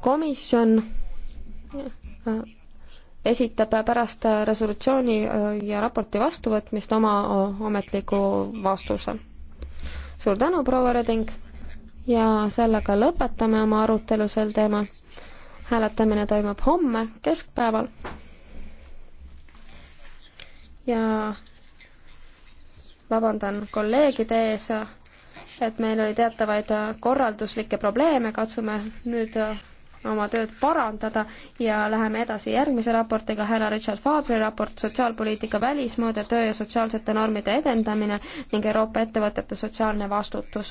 komisjon äh, esitab pärast resolutsiooni äh, ja raporti vastuvõtmist oma äh, ametliku vastuse. suur tänu, proua Reding, ja sellega lõpetame oma arutelu sel teemal. hääletamine toimub homme keskpäeval. ja vabandan kolleegide ees, et meil oli teatavaid korralduslikke probleeme, katsume nüüd oma tööd parandada ja läheme edasi järgmise raportiga, härra Richard Fabri raport Sotsiaalpoliitika välismõõde, töö ja sotsiaalsete normide edendamine ning Euroopa ettevõtete sotsiaalne vastutus.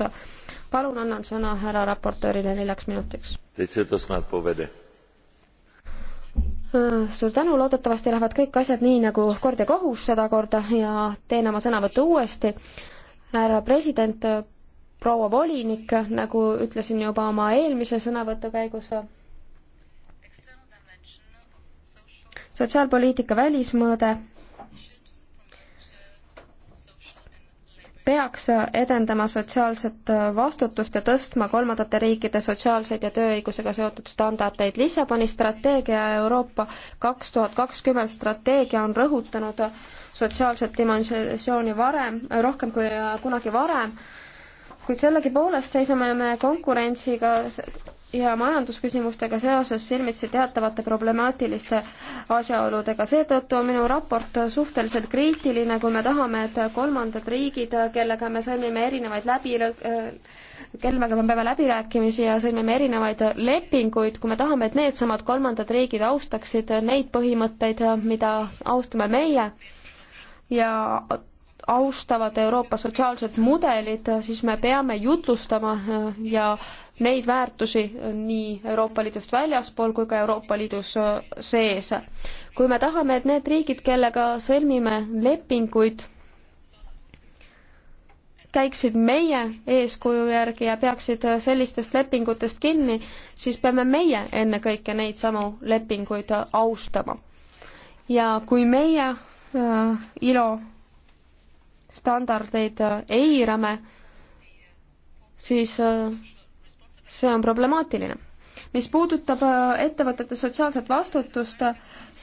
palun annan sõna härra raportöörile neljaks minutiks. Äh, suur tänu, loodetavasti lähevad kõik asjad nii, nagu kord ja kohus sedakorda ja teen oma sõnavõttu uuesti. härra president, proua volinik, nagu ütlesin juba oma eelmise sõnavõtu käigus, sotsiaalpoliitika välismõõde peaks edendama sotsiaalset vastutust ja tõstma kolmandate riikide sotsiaalseid ja tööõigusega seotud standardeid. Lissaboni strateegia ja Euroopa kaks tuhat kakskümmend strateegia on rõhutanud sotsiaalset dimensiooni varem, rohkem kui kunagi varem, kuid sellegipoolest seisame me konkurentsiga ja majandusküsimustega seoses silmitsi teatavate problemaatiliste asjaoludega. seetõttu on minu raport suhteliselt kriitiline, kui me tahame, et kolmandad riigid, kellega me sõlmime erinevaid läbi, äh, kellega me peame läbirääkimisi ja sõlmime erinevaid lepinguid, kui me tahame, et needsamad kolmandad riigid austaksid neid põhimõtteid, mida austame meie ja austavad Euroopa sotsiaalset mudelit, siis me peame jutlustama äh, ja neid väärtusi nii Euroopa Liidust väljaspool kui ka Euroopa Liidus sees. kui me tahame, et need riigid, kellega sõlmime lepinguid, käiksid meie eeskuju järgi ja peaksid sellistest lepingutest kinni, siis peame meie ennekõike neid samu lepinguid austama. ja kui meie äh, ILO standardeid äh, eirame, siis äh, see on problemaatiline. mis puudutab äh, ettevõtete sotsiaalset vastutust,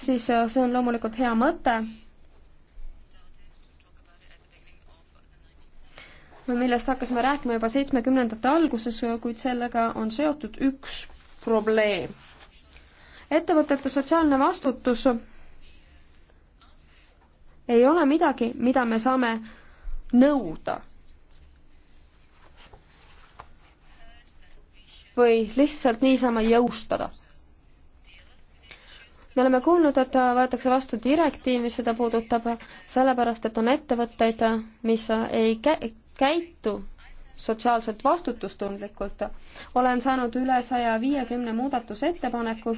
siis see on loomulikult hea mõte, millest hakkasime rääkima juba seitsmekümnendate alguses, kuid sellega on seotud üks probleem. ettevõtete sotsiaalne vastutus ei ole midagi, mida me saame nõuda. või lihtsalt niisama jõustada. me oleme kuulnud, et võetakse vastu direktiiv, mis seda puudutab, sellepärast et on ettevõtteid, mis ei käitu sotsiaalselt vastutustundlikult. olen saanud üle saja viiekümne muudatusettepaneku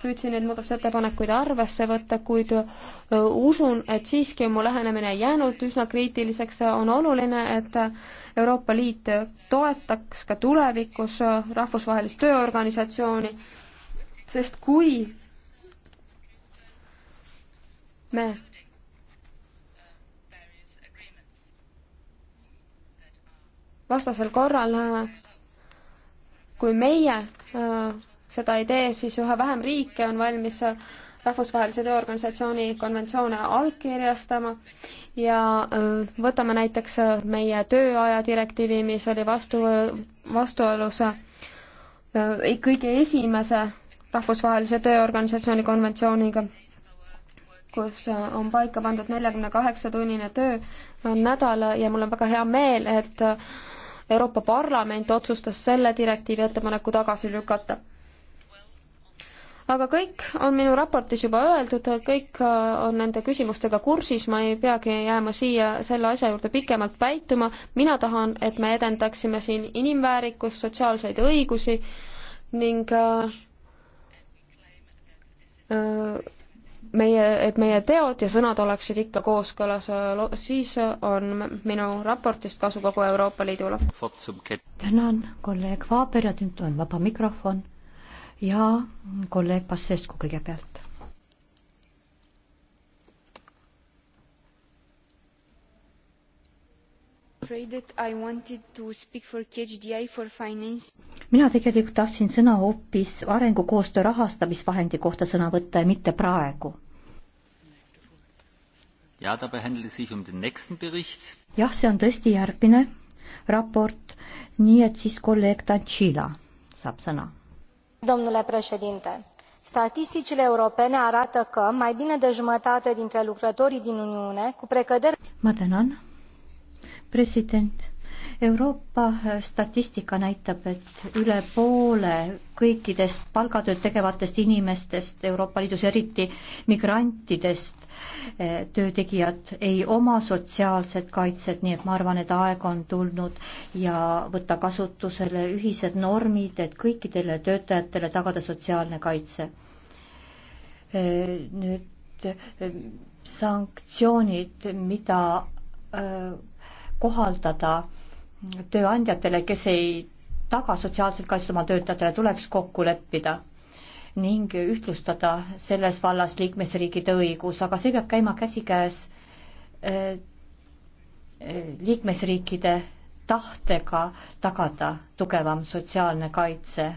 püüdsin neid muudatusettepanekuid arvesse võtta, kuid usun, et siiski on mu lähenemine jäänud üsna kriitiliseks, on oluline, et Euroopa Liit toetaks ka tulevikus rahvusvahelist tööorganisatsiooni, sest kui me vastasel korral, kui meie seda ei tee, siis üha vähem riike on valmis rahvusvahelise tööorganisatsiooni konventsioone allkirjastama ja võtame näiteks meie tööaja direktiivi, mis oli vastu, vastuolus kõige esimese rahvusvahelise tööorganisatsiooni konventsiooniga, kus on paika pandud neljakümne kaheksa tunnine töönädal ja mul on väga hea meel, et Euroopa Parlament otsustas selle direktiivi ettepaneku tagasi lükata aga kõik on minu raportis juba öeldud, kõik äh, on nende küsimustega kursis, ma ei peagi jääma siia selle asja juurde pikemalt väituma, mina tahan, et me edendaksime siin inimväärikust, sotsiaalseid õigusi ning äh, äh, meie, et meie teod ja sõnad oleksid ikka kooskõlas, siis on minu raportist kasu kogu Euroopa Liidule. tänan, kolleeg Vaaber ja nüüd on vaba mikrofon ja kolleeg Passescu kõigepealt. mina tegelikult tahtsin sõna hoopis arengukoostöö rahastamisvahendi kohta sõna võtta ja mitte praegu. Um jah, see on tõesti järgmine raport, nii et siis kolleeg Tantšila saab sõna statisticile europene arată că mai bine de jumătate dintre lucrătorii din uniune cu precădere. ma tänan president Euroopa eh, statistika näitab, et üle poole kõikidest palgatööd tegevatest inimestest Euroopa Liidus, eriti migrantidest, töötegijad ei oma sotsiaalset kaitset, nii et ma arvan, et aeg on tulnud ja võtta kasutusele ühised normid, et kõikidele töötajatele tagada sotsiaalne kaitse. nüüd ehm, sanktsioonid, mida ehm, kohaldada tööandjatele, kes ei taga sotsiaalset kaitset oma töötajatele, tuleks kokku leppida ning ühtlustada selles vallas liikmesriikide õigus, aga see peab käima käsikäes äh, äh, liikmesriikide tahtega tagada tugevam sotsiaalne kaitse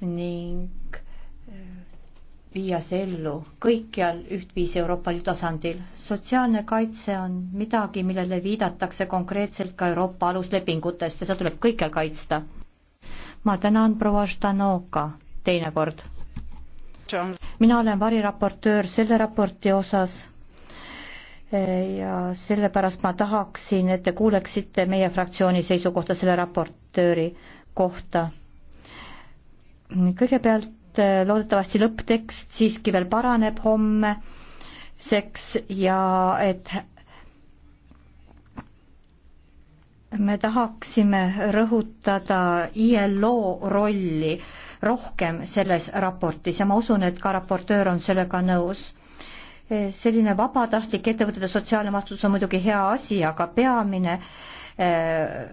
ning äh, viia see ellu kõikjal ühtviisi Euroopa Liidu tasandil. sotsiaalne kaitse on midagi, millele viidatakse konkreetselt ka Euroopa aluslepingutest ja seda tuleb kõikjal kaitsta. ma tänan proua Štanoka teinekord mina olen variraportöör selle raporti osas ja sellepärast ma tahaksin, et te kuuleksite meie fraktsiooni seisukohta selle raportööri kohta. kõigepealt eh, loodetavasti lõpptekst siiski veel paraneb homseks ja et me tahaksime rõhutada ILO rolli rohkem selles raportis ja ma usun, et ka raportöör on sellega nõus. selline vabatahtlik ettevõtete sotsiaalne vastutus on muidugi hea asi, aga peamine eh,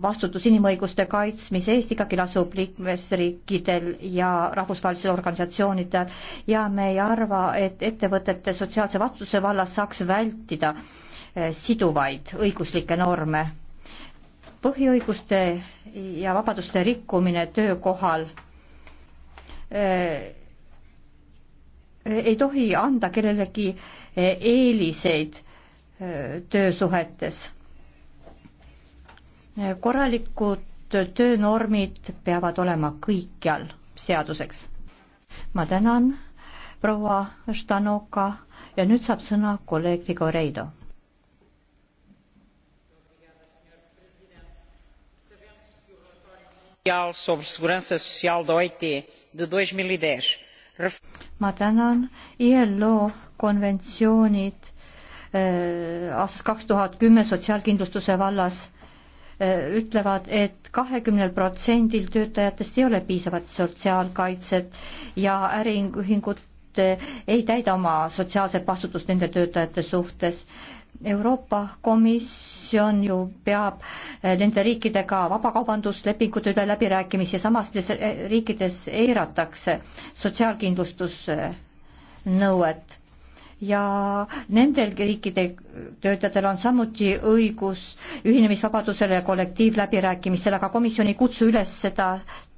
vastutus inimõiguste kaitsmise eest ikkagi lasub liikmesriikidel ja rahvusvahelisel organisatsioonidel ja me ei arva, et ettevõtete sotsiaalse vastutuse vallas saaks vältida eh, siduvaid õiguslikke norme põhiõiguste ja vabaduste rikkumine töökohal eh, ei tohi anda kellelegi eh, eeliseid eh, töösuhetes. korralikud töönormid peavad olema kõikjal seaduseks. ma tänan, proua Štanoka ja nüüd saab sõna kolleeg Vigo Reido mundial sobre segurança social da OIT de 2010. E ma tänan, ILO konventsioonid äh, eh, aastast kaks tuhat kümme sotsiaalkindlustuse vallas äh, ütlevad et, et kahekümnel protsendil töötajatest ei ole piisavat sotsiaalkaitset ja äriühingud eh, ei täida oma sotsiaalset vastutust nende töötajate suhtes äh, Euroopa Komisjon ju peab eh, nende riikidega vabakaubanduslepingute üle läbirääkimisi ja samas nendes eh, riikides eiratakse sotsiaalkindlustusnõuet ja nendel riikide töötajatel on samuti õigus ühinemisvabadusele ja kollektiivläbirääkimistele, aga komisjon ei kutsu üles seda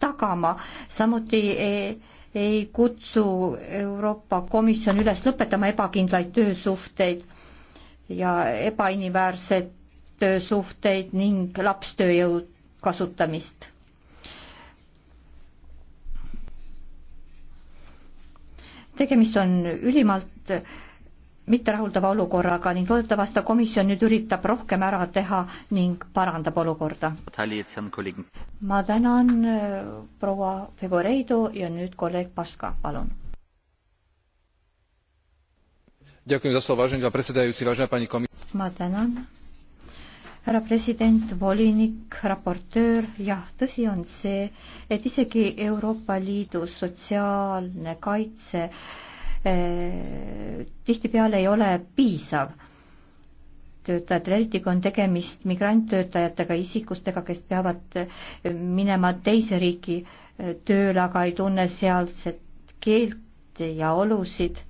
tagama, samuti ei, ei kutsu Euroopa Komisjon üles lõpetama ebakindlaid töösuhteid ja ebainiväärset töösuhteid ning lapstööjõu kasutamist. tegemist on ülimalt mitterahuldava olukorraga ning loodetavasti komisjon nüüd üritab rohkem ära teha ning parandab olukorda. ma tänan äh, proua Fegoreidu ja nüüd kolleeg Paska, palun ma tänan, härra president, volinik, raportöör, jah, tõsi on see, et isegi Euroopa Liidus sotsiaalne kaitse eh, tihtipeale ei ole piisav töötajatele, eriti kui on tegemist migranttöötajatega, isikustega, kes peavad eh, minema teise riiki eh, tööle, aga ei tunne sealset keelt ja olusid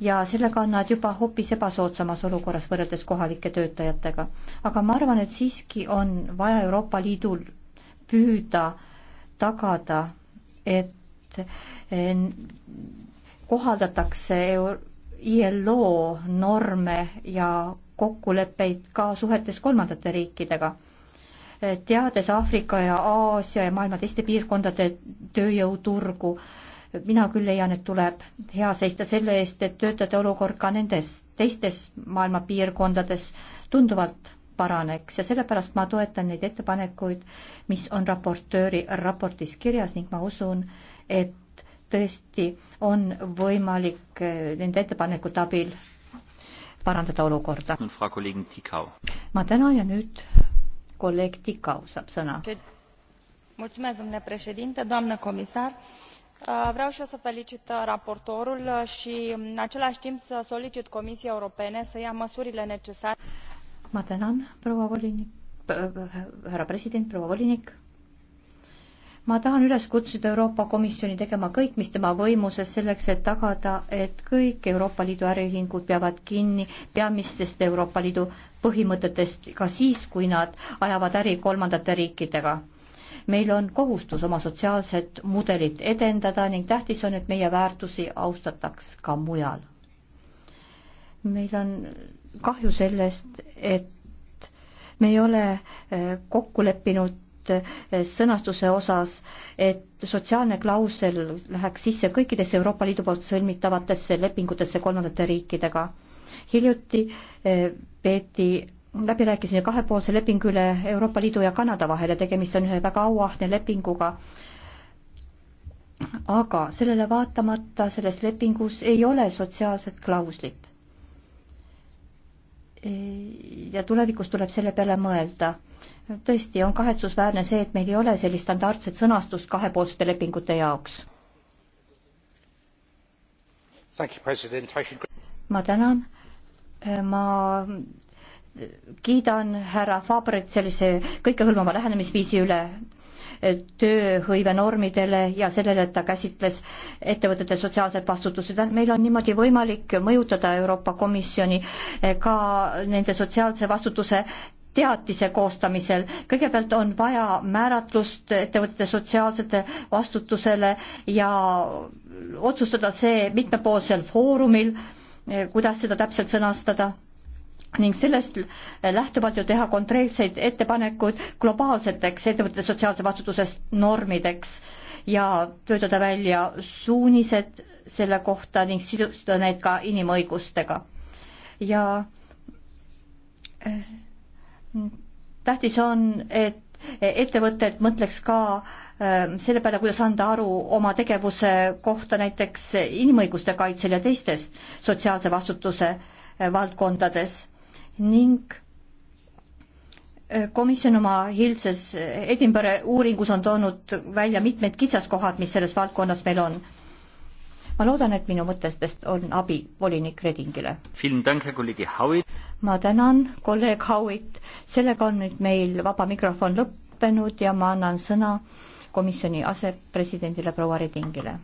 ja sellega on nad juba hoopis ebasoodsamas olukorras võrreldes kohalike töötajatega. aga ma arvan, et siiski on vaja Euroopa Liidul püüda tagada, et eh, kohaldatakse ILO norme ja kokkuleppeid ka suhetes kolmandate riikidega. Eh, teades Aafrika ja Aasia ja maailma teiste piirkondade tööjõuturgu, mina küll leian, et tuleb hea seista selle eest, et töötajate olukord ka nendes teistes maailma piirkondades tunduvalt paraneks ja sellepärast ma toetan neid ettepanekuid, mis on raportööri raportis kirjas ning ma usun, et tõesti on võimalik eh, nende ettepanekute abil parandada olukorda. ma tänan ja nüüd kolleeg Tikau saab sõna. mulțumesc, domnule președinte, doamnă comisar vreau i eu să felicit raportorul i în acelai timp să solicit comisiei europene să ia măsurile necesare ma tänan, proua volinik, härra president, proua volinik. ma tahan üles kutsuda Euroopa Komisjoni tegema kõik, mis tema võimuses selleks, et tagada, et kõik Euroopa Liidu äriühingud peavad kinni peamistest Euroopa Liidu põhimõtetest ka siis, kui nad ajavad äri kolmandate riikidega meil on kohustus oma sotsiaalset mudelit edendada ning tähtis on, et meie väärtusi austataks ka mujal. meil on kahju sellest, et me ei ole eh, kokku leppinud eh, sõnastuse osas, et sotsiaalne klausel läheks sisse kõikidesse Euroopa Liidu poolt sõlmitavatesse lepingutesse kolmandate riikidega. hiljuti eh, peeti läbirääkimisi kahepoolse lepingu üle Euroopa Liidu ja Kanada vahel ja tegemist on ühe väga auahne lepinguga. aga sellele vaatamata selles lepingus ei ole sotsiaalset klauslit. E, ja tulevikus tuleb selle peale mõelda. tõesti, on kahetsusväärne see, et meil ei ole sellist standardset sõnastust kahepoolsete lepingute jaoks. ma tänan e, ma kiidan härra Fabret sellise kõikehõlmava lähenemisviisi üle eh, tööhõivenormidele ja sellele, et ta käsitles ettevõtete sotsiaalset vastutust, et meil on niimoodi võimalik mõjutada Euroopa Komisjoni eh, ka nende sotsiaalse vastutuse teatise koostamisel. kõigepealt on vaja määratlust ettevõtete sotsiaalsete vastutusele ja otsustada see mitmepoolsel foorumil, eh, kuidas seda täpselt sõnastada ning sellest lähtuvalt ju teha konkreetseid ettepanekuid globaalseteks ettevõtete sotsiaalse vastutuse normideks ja töötada välja suunised selle kohta ning sidustada need ka inimõigustega. ja äh, tähtis on, et ettevõtted mõtleks ka äh, selle peale, kuidas anda aru oma tegevuse kohta näiteks inimõiguste kaitsel ja teistes sotsiaalse vastutuse äh, valdkondades ning äh, komisjon oma hiilses äh, Edinburgh uuringus on toonud välja mitmed kitsaskohad, mis selles valdkonnas meil on. ma loodan, et minu mõtetest on abi volinik Redingile. ma tänan kolleeg Howitt, sellega on nüüd meil vaba mikrofon lõppenud ja ma annan sõna komisjoni asepresidendile proua Redingile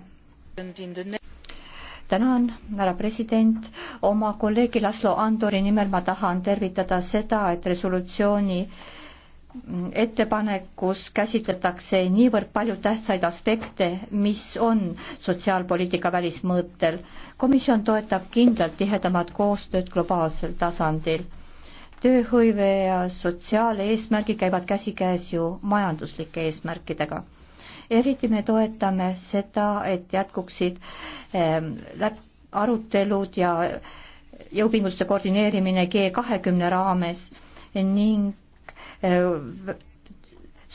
tänan, härra president, oma kolleegi Laslo Andori nimel ma tahan tervitada seda, et resolutsiooni ettepanekus käsitletakse niivõrd palju tähtsaid aspekte, mis on sotsiaalpoliitika välismõõtel. komisjon toetab kindlalt tihedamat koostööd globaalsel tasandil. tööhõive ja sotsiaaleesmärgid käivad käsikäes ju majanduslike eesmärkidega eriti me toetame seda, et jätkuksid ehm, arutelud ja jõupingutuste koordineerimine G kahekümne raames ning ehm,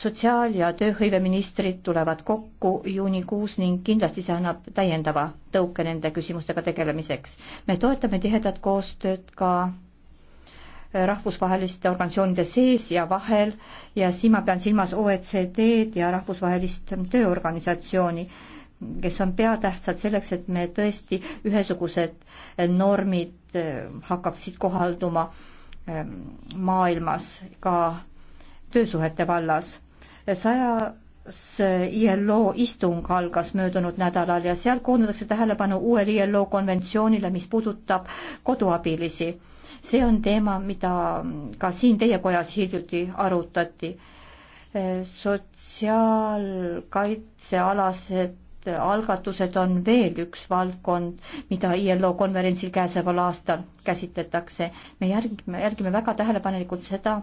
sotsiaal- ja tööhõiveministrid tulevad kokku juunikuus ning kindlasti see annab täiendava tõuke nende küsimustega tegelemiseks. me toetame tihedat koostööd ka rahvusvaheliste organisatsioonide sees ja vahel ja siin ma pean silmas OECD-d ja rahvusvahelist tööorganisatsiooni, kes on peatähtsad selleks, et me tõesti ühesugused normid äh, hakkaksid kohalduma ähm, maailmas ka töösuhete vallas. saja ILO istung algas möödunud nädalal ja seal koondatakse tähelepanu uuele ILO konventsioonile, mis puudutab koduabilisi. see on teema, mida ka siin teie kojas hiljuti arutati. sotsiaalkaitsealased algatused on veel üks valdkond, mida ILO konverentsil käesoleval aastal käsitletakse. me järgime, jälgime väga tähelepanelikult seda,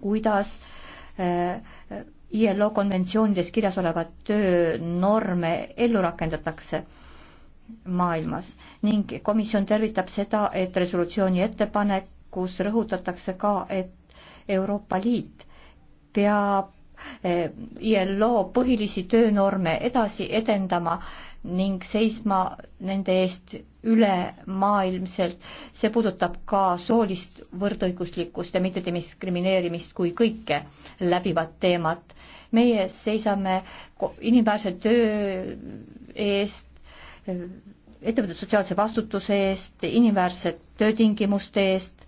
kuidas äh, ILO konventsioonides kirjas olevat töönorme ellu rakendatakse maailmas ning komisjon tervitab seda, et resolutsiooni ettepanekus rõhutatakse ka, et Euroopa Liit peab eh, ILO põhilisi töönorme edasi edendama ning seisma nende eest ülemaailmselt. see puudutab ka soolist võrdõiguslikkust ja mittediskrimineerimist kui kõike läbivat teemat meie seisame inimväärse töö eest, ettevõtete sotsiaalse vastutuse eest, inimväärse töötingimuste eest,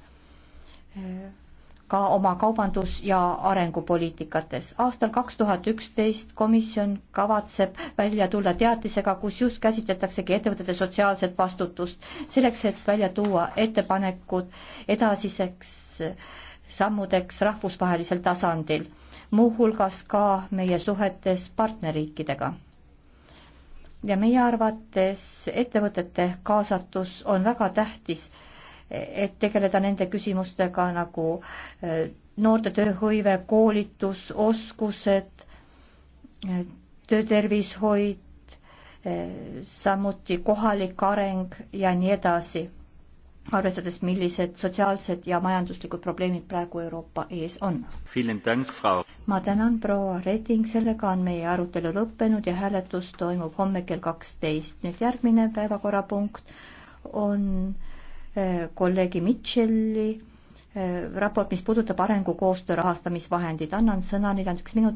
ka oma kaubandus- ja arengupoliitikates. aastal kaks tuhat üksteist komisjon kavatseb välja tulla teatisega, kus just käsitletaksegi ettevõtete sotsiaalset vastutust, selleks et välja tuua ettepanekud edasiseks sammudeks rahvusvahelisel tasandil muuhulgas ka meie suhetes partnerriikidega. ja meie arvates ettevõtete kaasatus on väga tähtis, et tegeleda nende küsimustega nagu eh, noorte tööhõive, koolitus, oskused, eh, töötervishoid, eh, samuti kohalik areng ja nii edasi arvestades, millised sotsiaalsed ja majanduslikud probleemid praegu Euroopa ees on. ma tänan, proua Reding, sellega on meie arutelu lõppenud ja hääletus toimub homme kell kaksteist. nüüd järgmine päevakorrapunkt on äh, kolleegi Mitchell'i äh, raport, mis puudutab arengukoostöö rahastamisvahendid. annan sõna neljandaks minutiks.